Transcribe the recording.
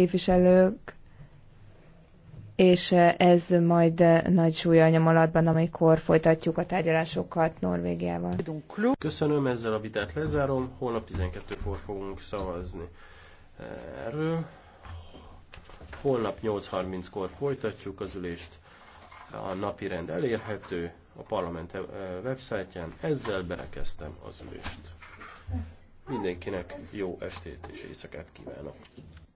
képviselők, és ez majd nagy súlya nyom alatban, amikor folytatjuk a tárgyalásokat Norvégiával. Köszönöm, ezzel a vitát lezárom, holnap 12-kor fogunk szavazni erről. Holnap 8.30-kor folytatjuk az ülést, a napi rend elérhető a parlament websájtján. Ezzel belekezdtem az ülést. Mindenkinek jó estét és éjszakát kívánok!